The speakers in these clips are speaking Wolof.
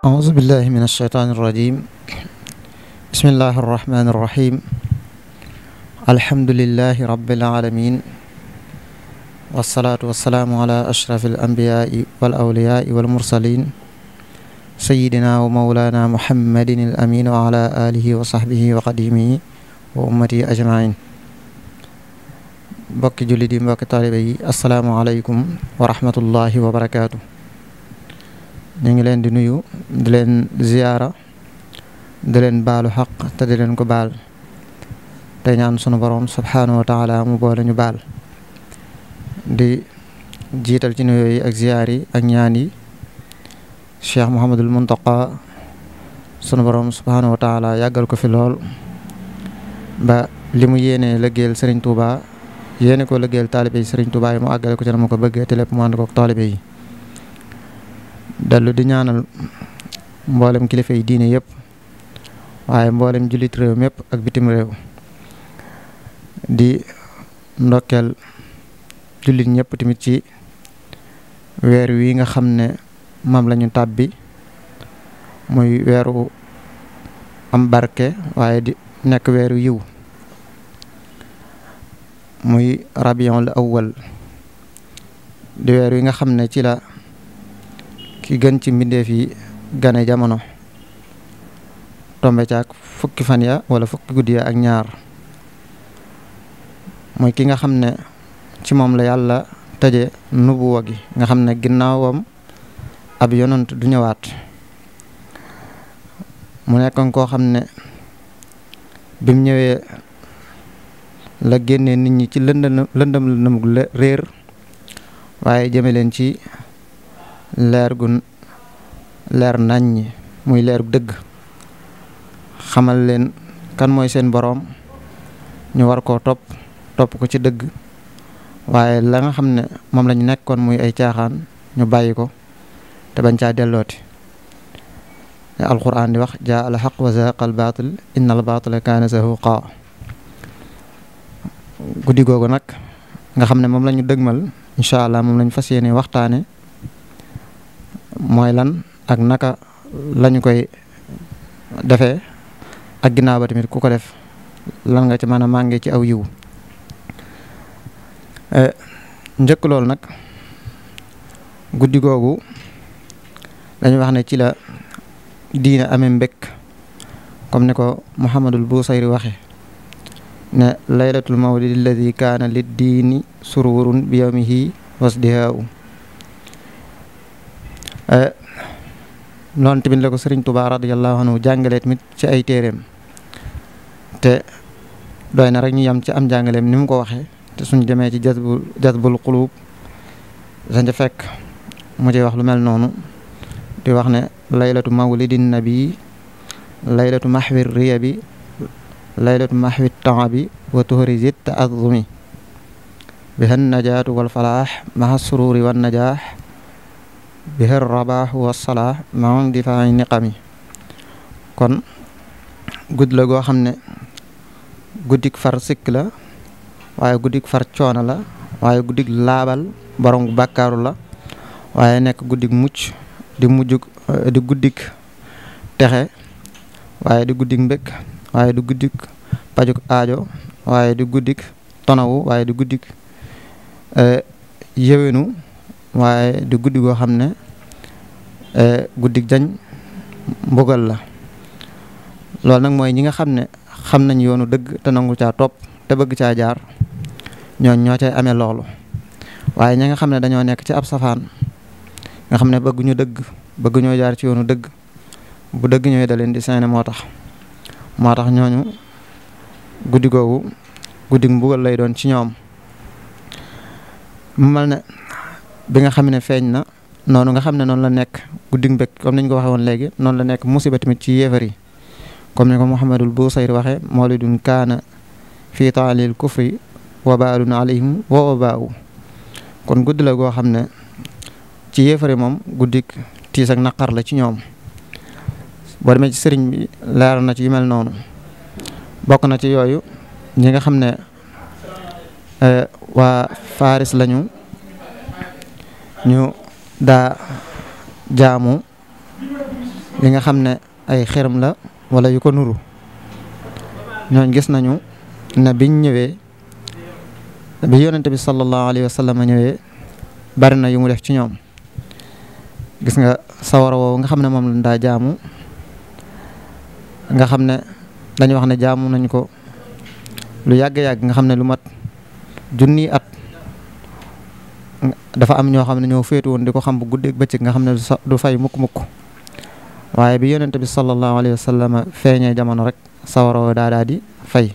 أعوذ بالله من الشيطان الرجيم بسم الله الرحمن الرحيم الحمد لله رب العالمين والصلاة والسلام على أشرف الأنبياء والأولياء والمرسلين سيدنا ومولانا محمد الأمين وعلى آله وصحبه وقديمه وأمتي أجمعين بك جلدي بك طالبي السلام عليكم ورحمة الله وبركاته ñu ngi leen di nuyu di leen ziyaara di leen baalu xaq te di leen ko baal te ñaan sunu borom subhaanahu wa taala mu boole ñu baal di jiital ci nuyoo yi ak ziyaar yi ak ñaan yi cheikh Mouhamadul Muntaqa sunu borom subhaanahu wa taala yàggal ko fi lool ba li mu yéenee lëggéeyal Serigne Touba yéene ko lëggéeyal taalibe yi Serigne Touba yi mu àggale ko ci na ma ko bëggee te lépp mu ànd ko ak dellu di ñaanal mboolem kilifa yi diine yëpp waaye mboolem jullit réew mépp ak bitim réew di ndokkeel jullit ñëpp tamit ci weer wi nga xam ne mam lañu ñu tàbbi muy weeru am barke waaye di nekk weeru yiw muy rabion la awwal di weer wi nga xam ne ci ki gën ci mbindeef yi gane jamono tombe caak fukki fan ya wala fukki guddi ya ak ñaar mooy ki nga xam ne ci moom la yàlla tëje nubuwa gi nga xam ne ginnaawam ab yonant du ñëwaat mu nekkoon koo xam ne bim ñëwee la génne nit ñi ci lëndëm lëndëm réer waaye jëme leen ci leer gu leer naññ muy leer dëgg xamal leen kan mooy seen boroom ñu war ko topp topp ko ci dëgg waaye la nga xam ne moom la ñu nekkoon muy ay caaxaan ñu bàyyi ko te bañ caa dellooti alquran di wax jaa al xaq wa zahaqa al baatil inna al baatila kaana zahuqa guddi googu nag nga xam ne moom la ñu mal incha allah moom lañu ñu fas yéene waxtaane mooy lan ak naka lañu koy defee ak ginnaaw ba tamit ku ko def lan nga ci mën a màngee ci aw yiw eh, njëkk loolu nag guddi googu dañu wax ne ci diina diine amee mbékk comme ni ko Muhammadul Busayri waxe ne laylatul mawlidi alladi kaana lid diini sururun bi yawmihi wasdihaau noonu eh, tamit la ko sëriñ Touba radiyallahu anhu jàngalee tamit ci ay téeréem te dooy na rek ñu yam ci am jàngaleem ni mu ko waxe te suñ demee ci jazbu jazbul qulub dañu fekk mu ciy wax lu mel noonu di wax ne laylatu mawlidin nabi laylatu mahwi riya bi laylatu mahwi taabi wa tuhrizit bi biha najaatu wal falaax maha sururi wan najaax bihi rabaax wasalaa maam di fay niqami kon gudd la goo xam ne guddik far sikk la waaye guddik far coono la waaye guddik laabal borom bàkkaaru la waaye nekk guddik mucc di mujjuk di guddik texe waaye di guddik mbëkk waaye di guddik pajuk aajo waaye di guddik tonawu waaye di guddik eh, yéwénu waaye di guddi goo xam ne eh, guddi jañ mbugal la loolu nag mooy ñi nga xam ne xam nañ yoonu dëgg te nangu caa topp te bëgg caa jaar ñooñ ñoo cay amee loolu waaye ñi nga xam ne dañoo nekk ci ab safaan nga xam ne bëgguñu dëgg bëgguñoo jaar ci yoonu dëgg bu dëgg ñooy da leen di seene moo tax moo tax ñooñu guddi googu guddi mbugal lay doon ci ñoom mu ne bi nga xam ne feeñ na noonu nga xam ne noonu la nekk guddig mbég comme ni ñu ko waxee woon léegi noonu la nekk musiba tamit ci yéefar yi comme ni ko Muhammadul Busayri waxee mawlidun kaana fii taalil kufri wabaalun alayhim wa wabaawu kon guddi la goo xam ne ci yéefari moom guddik tiis ak la ci ñoom boo demee ci sëriñ bi na ci yu noonu bokk na ci yooyu ñi nga xam ne eh, waa Faris lañu ñu daa jaamu nga xam ne ay xërëm la walla yu ko nuru ñooñ gis nañu ne biñ ñëwee bi yonent bi sallallahu alayhi wa sallam ñëwee bari na yu mu def ci ñoom gis nga sawara woowu nga xam ne moom lañ daa jaamu nga xam ne dañu wax ne jaamu nañ ko lu yàgg-yàgg nga xam ne lu mat junni at dafa am ñoo xam ne ñoo féetu woon di ko xam bu guddeeg bëccëg nga xam ne du fay mukk-mukk waaye bi yonent bi sallallahu alayhi wa feeñee jamono rek sawaro daa daa di fay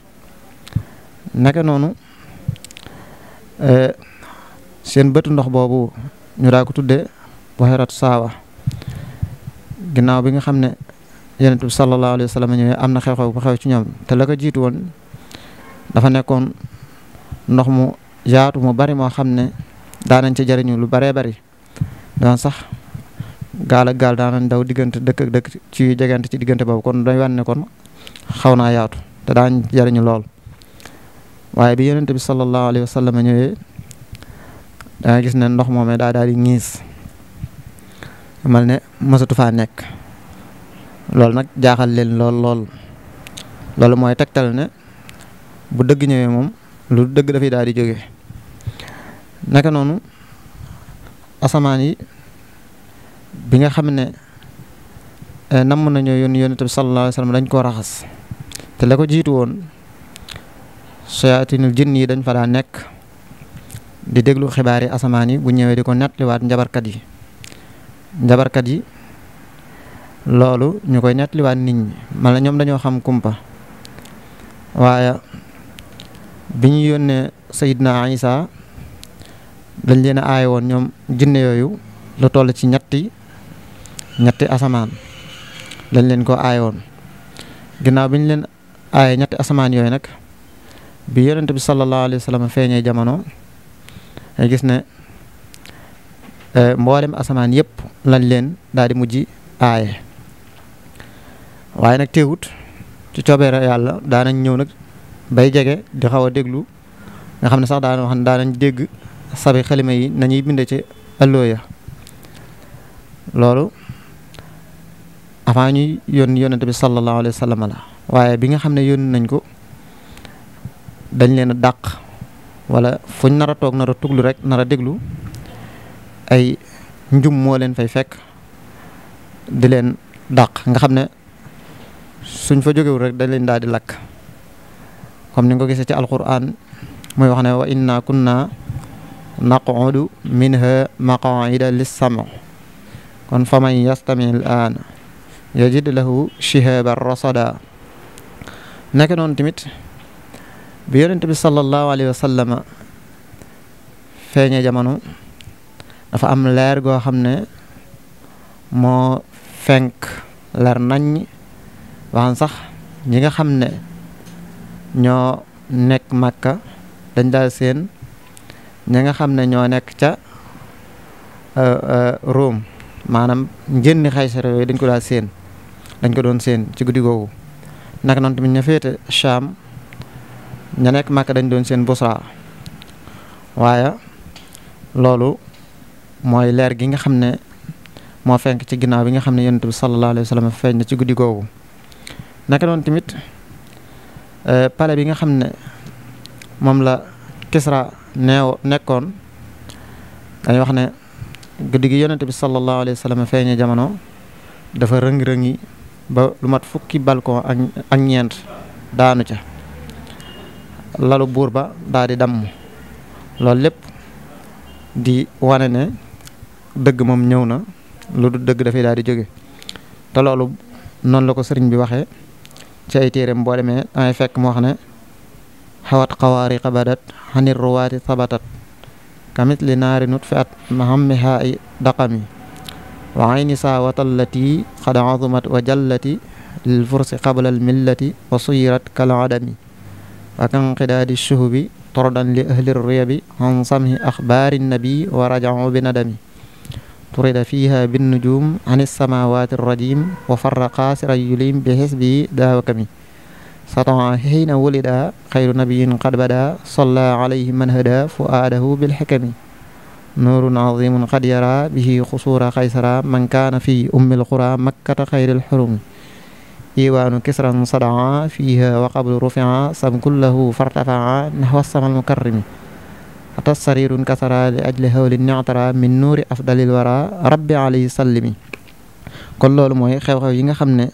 noonu e, seen bëtu ndox boobu ñu daa ko tuddee buxeeratu saawa ginnaaw bi nga xam ne yonent bi sallallahu alayhi wa sallam ñëwee am na xew-xew bu xew ci ñoom te la woon dafa nekkoon ndox mu yaatu mu bari moo xam ne daanañ ci jëriñu lu bëree bari daan sax gaala gaal daanañ ndaw diggante dëkk dëkk ci jegante ci diggante boobu kon day wan ne kon xaw naa yaatu te daañ jëriñu lool waaye bi yonent bi sallallahu alayhi wa sallam ñëwee danga gis ne ndox moomee daa daal di ñiis mal ne mësatu faa nekk loolu nag jaaxal leen lool lool loolu mooy tegtal ne bu dëgg ñëwee moom lu dëgg dafay daal di jóge naka noonu asamaan yi bi nga xam ne eh, namm nañoo yoon yónent bi sallallahu alayhi wa dañ koo raxas te la ko jiitu woon sayaatinul jinn yi dañ fa daa nekk di déglu xibaar yi asamaan yi bu ñëwee di ko nettaliwaat njabarkat yi njabarkat yi loolu ñu koy nettaliwaat nit ñi man la ñoom dañoo xam kumpa waaye bi ñu yónnee Seydina Isa dañ leen a aaye woon ñoom jinne yooyu lu toll ci ñetti ñetti asamaan dañ leen ko aaye woon ginnaaw bi ñu leen aaye ñetti asamaan yooyu nag bi yonent bi sallallahu alayhi wa sallam feeñee jamono ay gis ne e, mboolem asamaan yëpp lañ leen daal di mujj aaye waaye nag teewut ci coobeere yàlla daanañ ñëw nag bay jege di xaw a déglu nga xam ne sax daana wax ne daanañ dégg sabi xalima yi nañuy binde ci allooya loolu avant ñuy yoon yonent bi sallallahu alayhi wa sallam la waaye bi nga xam ne yónni nañ ko dañ leen a wala fuñ nara toog nar a tuglu rek nar a déglu ay njum moo leen fay fekk di leen dàq nga xam ne suñ fa jógewul rek da leen daal di lakk comme ni ko gisee ci alquran muy wax ne wa inna kunna naqudu minha maqaida lissama kon fa man yastami l aan yajid lahu shihaban rasada nekk noonu tamit bi yonent bi sallallahu alayhi wa sallama feeñe jamono dafa am leer goo xam ne moo fenk leer nañ waxan sax ñi nga xam ne ñoo nekk màkka dañ daal seen ñi nga xam ne ñoo nekk ca euh, euh, Rome maanaam njënni xaysara yooyu dañ ko daal séen dañ ko doon séen ci guddi googu naka noonu tamit ña ña nekk Màkka dañ doon seen Busra waaye loolu mooy leer gi nga xam ne moo fenk ci ginnaaw bi nga xam ne yonent bi sallallahu alayhi feeñ na ci guddi euh, bi nga xam ne moom la Kisra neew nekkoon dañuy wax ne guddi gi yonent bi sallallahu alayhi wa sallam feeñe jamono dafa rëng-rëngi ba lu mat fukki balcon ak ak ñeent daanu ca lalu buur ba daal di damm loolu lépp di wane ne dëgg moom ñëw na lu du dëgg dafay daal di jóge te loolu noonu la ko sëriñ bi waxe ci ay téeréem boo demee ay fekk moo wax ne xawat xawaari xabadat hani ruwaati sabatat kamit li naari nut fi at mahammihaa i daqami wa ayni saawatallati qad azumat wa jallati lil fursi qabla al millati wa suyirat kal adami wa kanqidaadi shuhubi tordan li ahli riyabi an samhi axbaari nabi wa rajau bi nadami turida fiha bin nujum an samawati rajim wa farra qaasira yulim bi xisbi daawakami سطع حين ولد خير نبي قد بدا صلى عليه من هدى فؤاده بالحكم نور عظيم قد يرى به قصور قيصر من كان في أم القرى مكة خير الحرم إيوان كسرا صدعا فيها وقبل رفعا سم كله فارتفعا نحو السما المكرم أتى السرير انكسر لأجل هول النعترى من نور أفضل الورى ربي عليه سلمي kon loolu mooy xew-xew yi nga xam ne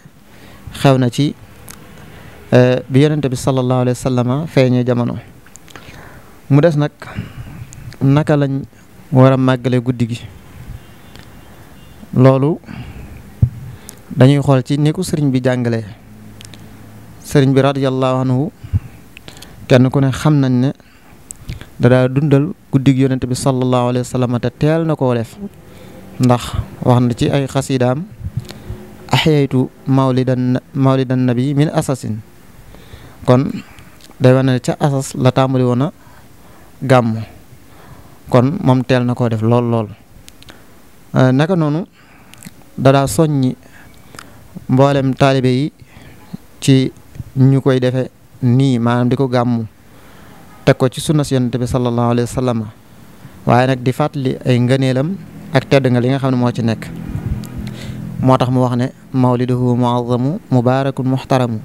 xew na ci Eh, bi yonente bi sallallahu alayhi wa feeñee jamono mu des nag naka lañ war a guddi gi loolu dañuy xool ci ni ko sëriñ bi jàngale sëriñ bi radiyallahu anhu kenn ku ne xam nañ ne dadaa dundal guddi gi bi sallallahu alayhi wa te teel na koo def ndax wax na ci ay xasidaam axyaytu mawlidan mawlidan min asasin kon day wane ne ca asas la tàmbali woon a gàmm kon moom teel na koo def lool lool euh, naka noonu dadaa soññi mboolem taalibe yi ci ñu koy defe nii maanaam di ko gàmmu teg ko ci sunna si yonent bi sallallahu alayhi wa waaye nag di fàttali ay ngëneelam ak tedd nga li nga xam ne moo ci nekk moo tax mu wax ne mu muazzamu mubaarakun muxtaramu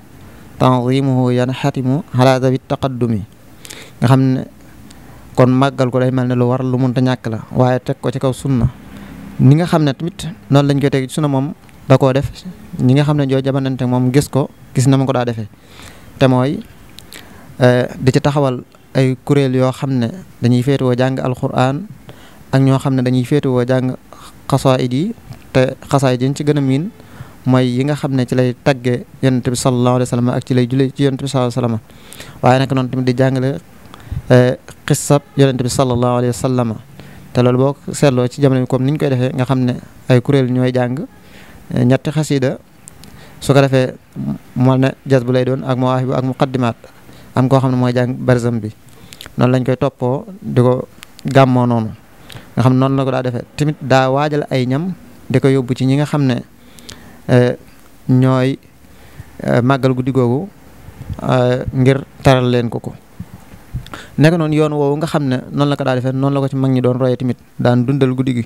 yan tanzimuhu yanxatimu ala dawi taqaddumi nga xam ne kon màggal ko day mel ne lu waral lu mënta ñàkk la waaye teg ko ci kaw sunna ni nga xam ne tamit noonu lañ ko teg ci sunna moom da koo def ñi nga xam ne joo jabanante moom gis ko gis na ma ko daa defee te mooy eh, di ci taxawal ay kuréel yoo xam ne dañuy féetewoo jàng alquran ak ñoo xam ne dañuy féetewoo jàng xasaayid yi te xasaayid yi ci gën a miin mooy yi nga xam ne ci lay tagge yonent bi sallallahu alayhi wa sallam ak ci lay julli ci yonent bi sallallahu alayhi wa sallam waaye nag noonu tamit di jàngale xissab eh, yonent bi te lool boo seetloo ci jamono bi comme ni koy defee nga xam ne ay kuréel ñooy jàng eh, ñetti xasida su ko defee moo ne jas bu lay doon ak mawaahibu ak muqaddimaat am ko xam ne mooy jàng barzam bi noonu lañ koy toppoo di ko gàmmoo noonu nga xam ne noonu la ko daa defee tamit daa waajal ay ñam di ko yóbbu ci ñi nga xam ne Eh, ñooy eh, màggal guddi googu eh, ngir taral leen ko ko nekk noon yoon woowu nga xam ne noonu la ko daa defee noonu la ko ci mag ñi doon roye tamit daan dundal guddi gi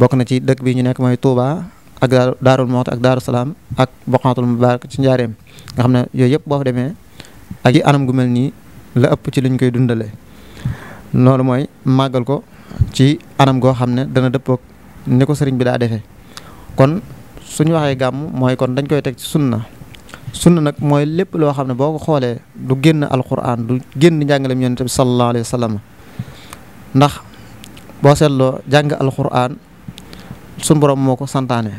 bokk na ci dëkk bi ñu nekk mooy Touba ak daaru Daarul Moxti ak Daaru Salaam ak Boqatul Mubarak ci njaareem nga xam ne yooyu yëpp boo demee ak yi anam gu mel nii la ëpp ci lañ koy dundale loolu mooy màggal ko ci anam goo xam ne dana dëppook ni ko sëriñ bi daa defee kon suñu waxee gàmm mooy kon dañ koy teg ci sunna sunna nag mooy lépp loo xam ne boo ko xoolee du génn alquran du génn njàngaleem yonent bi sallallahu sallam ndax boo seetloo jàng alquran suñu borom moo ko santaane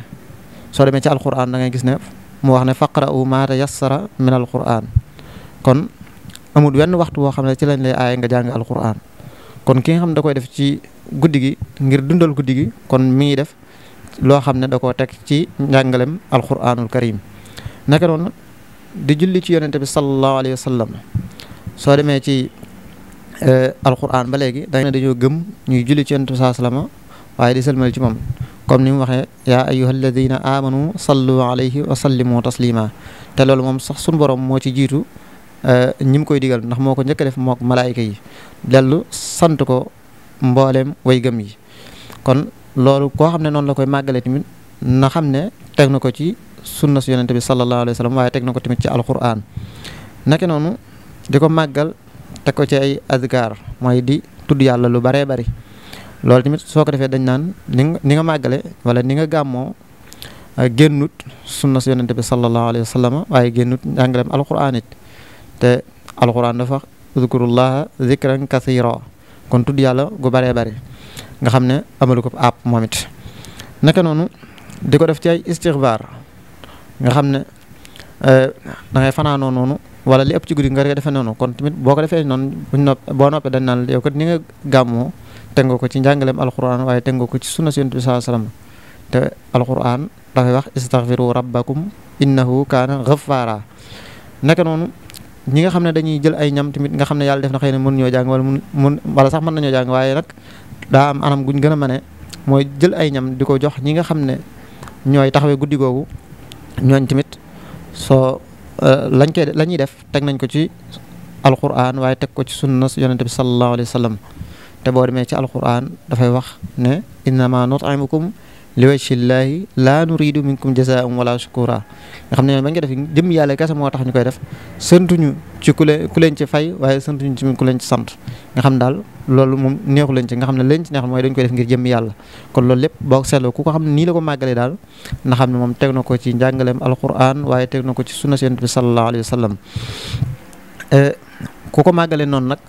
soo demee ci alquran da ngay gis ne mu wax ne faqra'u ma tayassara min alquran kon amul wenn waxtu woo xam ne ci lañ lay aaye nga jàng alquran kon ki nga xam ne da koy def ci guddi gi ngir dundal guddi gi kon mi ngi def loo xam ne da koo teg ci njàngalem alquranul karim naka noonu di julli ci yonente tamit sallallahu alayhi wa soo demee ci eh, alquran ba léegi dañ dañoo gëm ñuy julli ci yonente bi waaye di sëlmal ci moom comme ni mu waxee yaa ayyuha alladina amanu sallu alayhi wa sallimu taslima te loolu moom sax sun boroom moo ci jiitu eh, ñi mu koy digal ndax moo ko njëkk def mook malaayika yi dellu sant ko mboolem way gëm yi kon loolu koo xam ne noonu la koy màggalee tamit na xam ne teg na ko ci sunna su yonente bi sallallahu alayhi wa sallam waaye teg na ko tamit ci alquran naka noonu di ko màggal teg ko ci ay azkar mooy di tudd yàlla lu baree bari loolu tamit soo ko defee dañ naan ni nga ni nga màggale wala ni nga gàmmoo ah, génnut sunna su yonente bi sallallahu alayhi wa waaye génnut njàngaleem alquran it te alquran dafa uzkurullaha zikran kathira kon tudd yàlla ku baree bari nga xam ne amalu ko àpp moom naka noonu di ko def ci ay istixbaar nga xam ne euh, da ngay fanaanoo noonu wala li ëpp ci guddi nga defe noonu kon tamit boo ko defee noonu buñ boo noppee dañ naan yow ni nga gàmmoo tengoo ko ci njàngaleem waaye tengoo ko ci sunna si yonent bi saa salaam te alquran dafay wax istaghfiru rabbakum innahu kaana ghaffara naka noonu ñi nga xam ne dañuy jël ay ñam tamit nga xam ne yàlla def na xëy na mën ñoo jàng wala sax mën nañoo jàng waaye nag daa am anam guñ gën a mane mooy jël ay ñam di ko jox ñi nga xam ne ñooy taxawee guddi googu ñooñ tamit so euh, lañ koy la def teg nañ ko ci alquran waaye teg ko ci sunna yonente bi sallallahu alayhi wa te boo demee ci alquran dafay wax ne innama nutimukum li wajhillaahi la nuriidu minkum jazaa'an wala shukura nga xam ne ñoom bañ ko def jëm yàlla kese moo tax ñu koy def santuñu ci ku leen ku ci fay waaye santuñu ci ku leen ci sant nga xam daal loolu moom neexu leen ci nga xam ne leen ci neexul mooy dañ koy def ngir jëm yàlla kon loolu lépp boo seetloo ku ko xam ne nii la ko màggalee daal xam ne moom teg na ko ci njàngaleem alquran waaye teg na ko ci sunna Yonent bi sallallahu alayhi wa sallam eh, ku ko màggalee noonu nag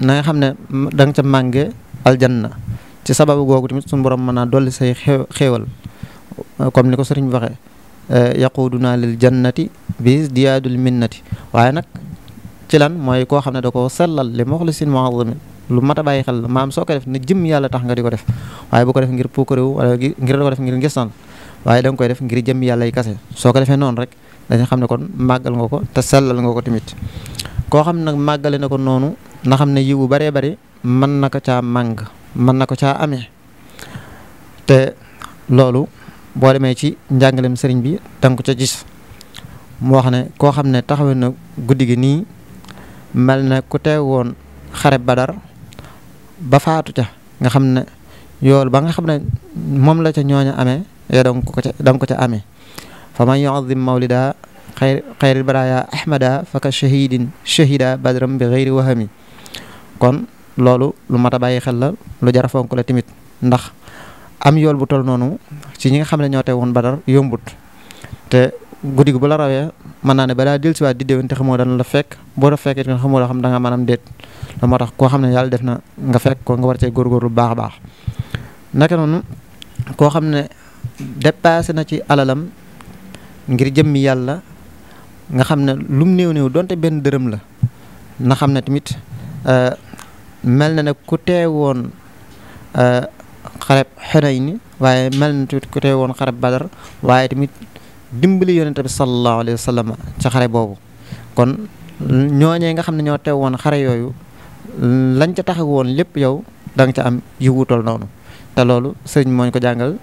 na xam ne da nga ca mànge aljanna ci sababu googu tamit suñu borom mën naa dolli say xew comme ni ko sëriñ bi waxee eh, yaquduna lil jannati bi diyaadul minnati waaye nag ci lan mooy koo xam ne da ko sellal li muxlisin muazamin lu mat a bàyyi xel maam soo ko def ne jëm yàlla tax nga di ko def waaye bu ko def ngir puukarewu wala ngir da ko def ngir ngistan waaye da nga koy def ngir jëm yàlla yi kase soo ko defee noonu rek dañu xam ne kon màggal nga ko te sellal nga ko tamit koo xam nag màggale na ko noonu na xam ne yiwu baree bari mën na ko caa màng mën na ko caa amee te loolu boo demee ci njàngalem sëriñ bi danga ko ca gis moo wax ne koo xam ne taxawe na guddi gi nii mel na ku teew woon xare badar ba faatu ca nga xam ne yoolu ba nga xam ne moom la ca ñooña amee yow danga ko ca danga ko ca amee fa man yuazim mawlida xayr xayril baraya ahmada faka shahidin shahida badram bi xayri wahami kon loolu lu mat a bàyyi xel la lu jara a fonk la tamit ndax am yool bu tol noonu ci ñi nga xam ne ñoo tee woon ba dara yombut te guddi gi bu la rawee mën naa ne balaa dellusiwaat di déwén te xamoo dana la fekk boo la fekkee nga xamoo la xam da nga maanaam déet la moo tax koo xam ne yàlla def na nga fekk ko nga war cee góorgóorlu bu baax a baax naka koo xam ne dépassé na ci alalam ngir jëmmi yàlla nga xam ne lum néew néew donte benn dërëm la na xam ne tamit euh, mel na ne woon teewoon euh, xareb Xunayn waaye mel na tamit woon teewoon xareb Badar waaye tamit dimbali yonente bi sallallahu alayhi wa sallam ci xare boobu kon ñooñee nga xam ne ñoo woon xare yooyu lañ ca woon lépp yow da nga ca am yu wuutal noonu te loolu sëriñ mooñ ko jàngal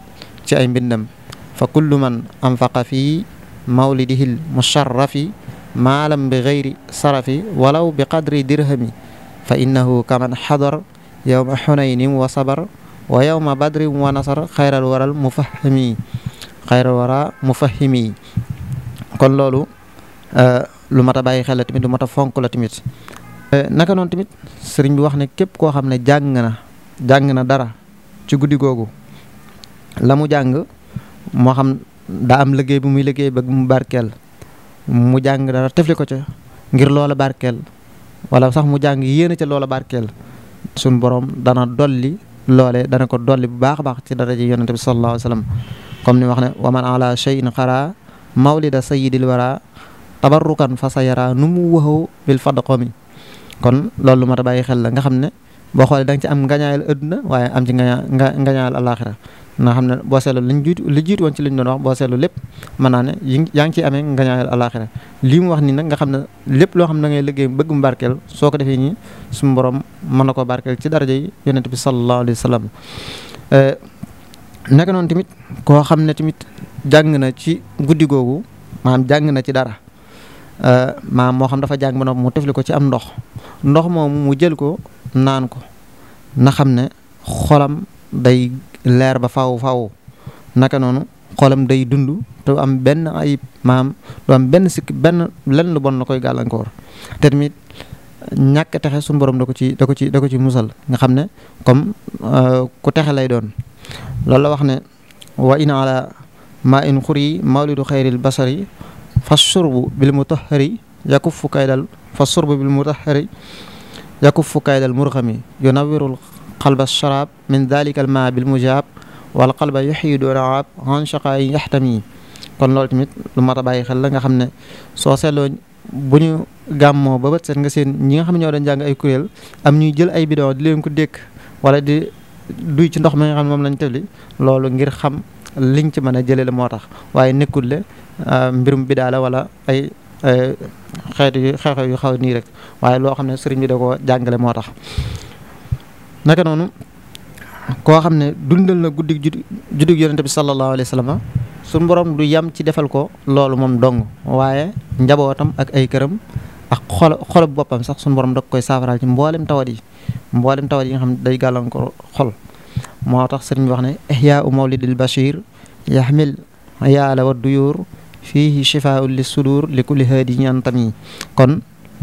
ci ay mbindam fa kullu man anfaqa fii mawlidihi l musharrafi maalam bi gayri sarafi walaw bi qadri dirhami fa innahu kaman xadar yowma xunaynin wa sabar wa yowma badrin wa nasar xayral waral mufahimi xayral wara mufahimi kon loolu lu mat a bàyyi xel tamit lu mat a fonk la tamit naka noonu tamit sëriñ bi wax ne képp koo xam ne jàng na jàng na dara ci guddi googu la mu jàng moo xam daa am liggéey bu muy liggéey ba mu barkeel mu jàng dara tefli ko ca ngir loola barkeel wala sax mu jàng yéene ca loola barkeel sunu borom dana dolli loole dana ko dolli bu baax a baax ci daraja yonente bi sallallahu alayhi wa sallam comme ni wax ne waman ala cheyin xara mawlida sayidil wara tabarrukan fa sa yara nu mu waxoo bil fadqomi kon loolu lu mat a bàyyi xel la nga xam ne boo xoolee ci am ngañaayal adduna waaye am ci ngañaa ngañaayal alaxira na xam ne boo seetlu lañ jiitu li jiitu woon ci liñ doon wax boo seetlu lépp mën naa ne yi yaa ngi ciy amee nga ñaanal alaxira lii mu wax nii nag nga xam ne lépp loo xam ne da ngay liggéey bëgg mu barkeel soo ko defee nii suñu borom mën na ko barkeel ci daraja yi yonent bi sallallahu alayhi wa sallam eh, nekk noonu tamit koo xam ne tamit jàng na ci guddi googu maanaam jàng na ci dara eh, maanaam moo xam dafa jàng ba noppi mu tefli ko ci am ndox ndox moomu mu jël ko naan ko na xam ne xolam day leer ba faw faw naka noonu xoolam day dund te am benn ayib maam du am benn sikk benn lenn lu bon la koy gàllankoor te tamit ñàkk texe suñu borom da ko ci da ci da ci musal nga xam ne comme euh, ku texe lay doon loolu la wax ne wa in ala ma in xuri mawlidu xayril basari fa surbu bil mutahari yakuffu kaydal fa surbu bil mutahari yakuffu kaydal murxami yunawirul qalba sharaab min dalika al maa bil mujaab wala qalba yuxyi du raab an shaqaa yi yaxtami kon loolu tamit lu mat a bàyyi xel la nga xam ne soo seetloo bu ñu gàmmoo ba set nga seen ñi nga xam ne ñoo doon jàng ay kuréel am ñuy jël ay bidon di ko dékk wala di duy ci ndox mi nga moom lañ tëbli loolu ngir xam liñ ci mën a jëlee moo tax waaye nekkul le euh, mbirum bidaa la wala ay euh, xeetu yu xew yu xaw nii rek waaye loo xam ne sëriñ bi da koo jàngale moo tax naka noonu koo xam ne dundal na guddi juddug yonente bi sallallahu alayhi wa sallam suñu borom du yam ci defal ko loolu moom dong waaye njabootam ak ay këram ak xol xolub boppam sax suñu borom da koy saafaraal ci mboolem tawat yi mboolem tawat yi nga xam ne day gàllankoor xol moo tax sëriñ bi wax ne ihyaau mawlidil bashir yaxmil yaala wa duyuur fiihi shifaau li sudur li kulli haadi ñantam yi kon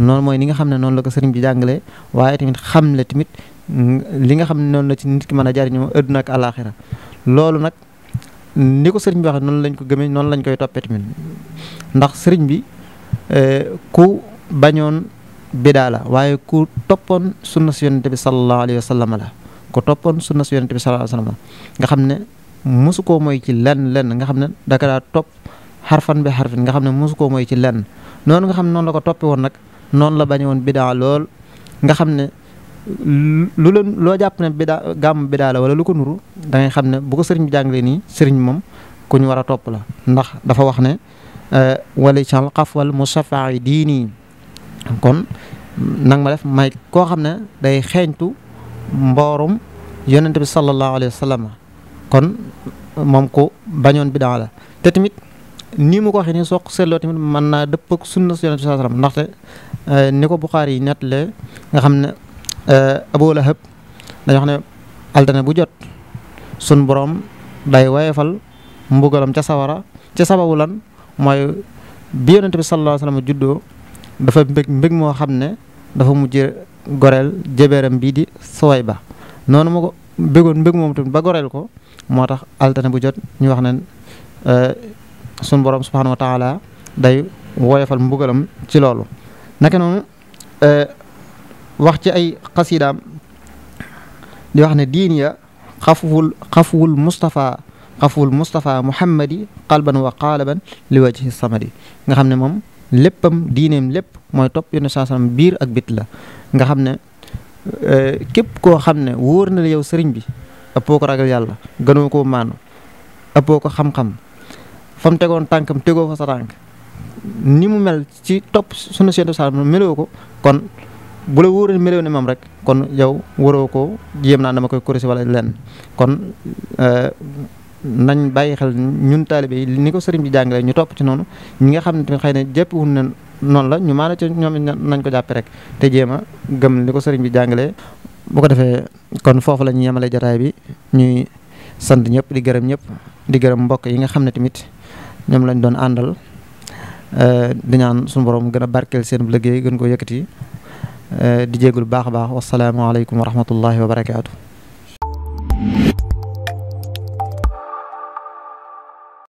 noonu mooy ni nga xam ne noonu la ko sëriñ bi jàngale le tamit li nga xam ne noonu la ci nit ki mën a jariñoo adduna ak alaaxira loolu nag ni ko sëriñ bi waxee noonu lañ ko gëmee noonu lañ koy toppee tamit ndax sëriñ bi eh, ku bañoon bidaa la waaye ku toppoon sunna si yonente bi sallallahu alayhi wa sallam la ku toppoon sunna si yonente bi sallallahu nga xam ne mosu koo mooy ci lenn lenn nga xam ne daka daa topp bi xarfin nga xam ne mosu koo mooy ci lenn noonu nga xam ne la ko toppee woon nag noonu la bañoon bidaa lool nga xam ne lu la loo jàpp ne bi daa gàmm bi daa wala lu ko nuru da ngay xam ne bu ko sëriñ bi jàngalee nii sëriñ moom ku ñu war a topp la ndax dafa wax ne eh, wala chal xafwal musafaa yi diini kon nang ma def may koo xam ne day xeeñtu mboorum yonent bi sallallahu alayhi wa sallam kon moom ku bañoon bi daa la te tamit nii mu ko waxee nii soo ko seetloo tamit mën naa dëpp ak sunna yonent bi sallallahu alayhi wa sallam ndaxte eh, ni ko Buxaari yi nettalee nga xam ne Eh, Abu Lahab dañoo xam ne altine bu jot sun borom day woyefal mbugalam ca sawara ci sababu lan mooy bi yonente bi sa alayhi juddoo dafa mbég mbég moo xam ne dafa mujj goreel jëbeeram bii di suway ba noonu ma ko bégoon mbég moom tamit ba goreel ko moo tax altine bu jot ñu wax ne eh, sun borom subhanahu wa day woyefal mbugalam ci loolu naka noonu eh, wax ci ay xasidaam di wax ne diin ya xafwul mustafa Moustapha xafwul Moustapha Muhammadi qalban wa qaalaban li wajhi samadi nga xam ne moom léppam diineem lépp mooy topp yónni saa salaam biir ak bit la nga xam ne euh, képp koo xam ne woor na la yow sëriñ bi ëppoo ko ragal yàlla gënoo koo maanu ko xam-xam fa mu tegoon tànkam tegoo fa sa tànk ni mu mel ci topp sunu séntu saa meloo ko bu la wóoree ne ni moom rek kon yow waroo ko jéem naa dama koy corriger wala lenn kon euh, nañ bàyyi xel ñun taalibe yi ni ko sëriñ bi jàngalee ñu topp ci noonu ñi nga xam ne tamit xëy na jàppiwuñ ne noonu la ñu maana ci ñoom nañ ko jàppe rek te jéem a gëm ni ko sëriñ bi jàngalee boo ko defee kon foofu la ñu yemale jataay bi ñuy sant ñëpp di gërëm ñëpp di gërëm mbokk yi nga xam ne tamit ñoom lañ doon àndal euh, di ñaan suñu borom gën a barkeel seen liggéey gën ko yëkkati di jégalu baax a baax wasalaamualeykum wa rahmatullahi wa barakaatu.